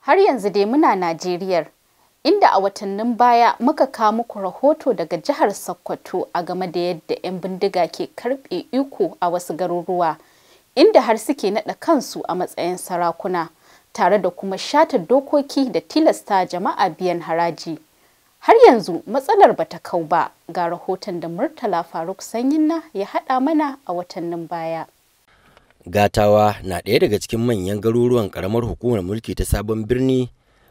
Har yanzu dai muna Najeriyar, inda a watannin baya muka kawo muku rahoto daga jihar Sokoto a game da yadda 'yan bindiga ke karɓe iko a wasu garuruwa, inda har suke naɗa kansu a matsayin sarakuna, tare da kuma shata dokoki da tilasta jama'a biyan haraji. Har yanzu matsalar bata kau ba ga rahoton da Murtala Faruk Sanyinna ya haɗa mana a watannin baya. gatawa na ɗaya daga cikin manyan garuruwan karamar hukumar mulki ta sabon birni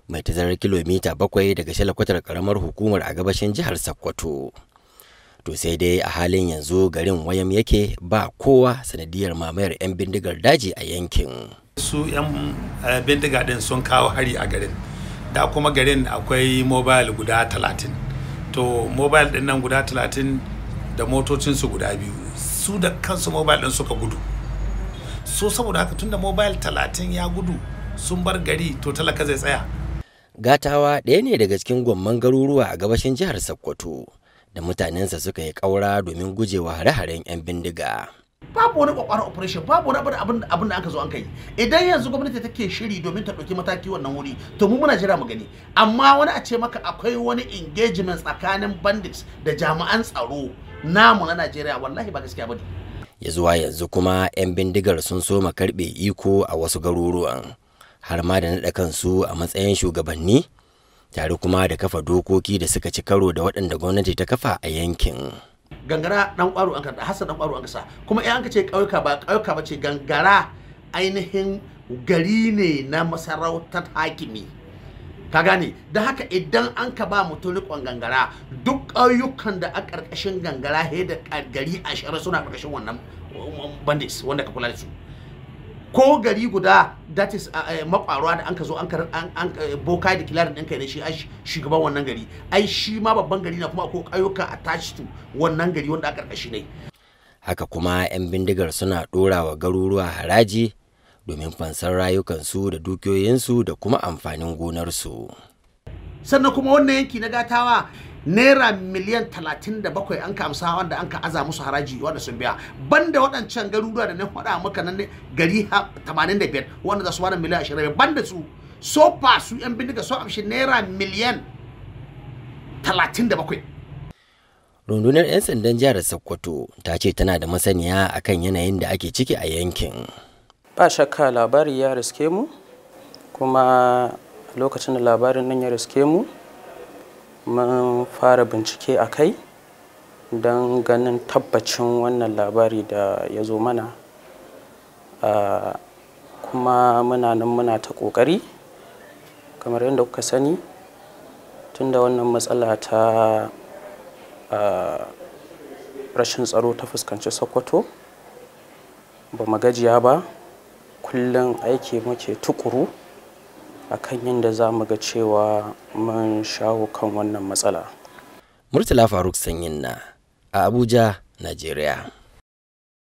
mai tazarar kilomita bakwai daga shalakwatar karamar hukumar a gabashin jihar sokoto to sai dai a halin yanzu garin wayam yake ba kowa sanadiyar mamayar 'yan bindigar daji a yankin su 'yan eh, bindiga ɗin sun kawo hari a garin da kuma garin akwai mobile guda 30 to mobile din nan guda 30 da motocinsu guda biyu su da kansu mobile ɗin suka gudu so saboda haka tunda mobile talatin ya gudu sun bar gari to talaka zai tsaya gatawa ɗaya ne daga cikin gwamman garuruwa a gabashin jihar sokoto da mutanensa suka yi ƙaura domin gujewa hare-haren 'yan bindiga babu wani kwakwaran operation babu wani abin da aka zo an kai idan yanzu gwamnati take shiri domin ta ɗauki mataki wannan wuri to mu muna jira mu gani amma wani a ce maka akwai wani engagement tsakanin bandits da jami'an tsaro namu na najeriya wallahi ba gaskiya bane ya zuwa yanzu kuma 'yan bindigar sun soma karbe iko a wasu garuruwan har ma da naɗa kansu a matsayin shugabanni tare kuma da kafa dokoki da suka ci karo da waɗanda gwamnati ta kafa a yankin gangara dan kwaro an kada hassan dan kwaro an kasa kuma eh an ce ƙauyuka ba ƙauyuka ba ce gangara ainihin gari ne na masarautar hakimi ka gane da haka idan an ka ba mutum rikon gangara duk ƙauyukan da a ƙarƙashin gangara he da gari ashirin suna ƙarƙashin wannan um, bandits wanda ka kula da su ko gari guda that is makwarwa da an ka zo an eh, boka da kilarin ɗinka ne shi shugaban wannan gari ai shi ma babban gari na kuma ko ƙauyuka a tashi to wannan gari wanda a ƙarƙashi ne haka kuma 'yan bindigar suna ɗora wa garuruwa haraji domin fansar rayukansu da dukiyoyinsu da kuma amfanin gonarsu. sannan kuma wannan yanki na gatawa naira miliyan 37 an kamsa wanda an ka aza musu haraji wanda sun biya banda waɗancan garuruwa da na faɗa maka nan gari 85 wanda za su wani miliyan 20 banda su so fa su yan bindiga so amshi naira miliyan 37 rundunar 'yan sandan jihar sokoto ta ce tana da masaniya akan yanayin da ake ciki a yankin ba shakka labari ya riske mu kuma lokacin da labarin nan ya riske mu mun fara bincike a kai don ganin tabbacin wannan labari da ya zo mana ah, kuma muna nan muna ta ƙoƙari kamar yadda kuka sani tunda wannan matsala ta ah, rashin tsaro ta fuskanci sokoto ba magajiya ba kullum aiki muke tukuru akan yadda za mu ga cewa mun shawo kan wannan matsala murtala faruk sanyin na a abuja najeriya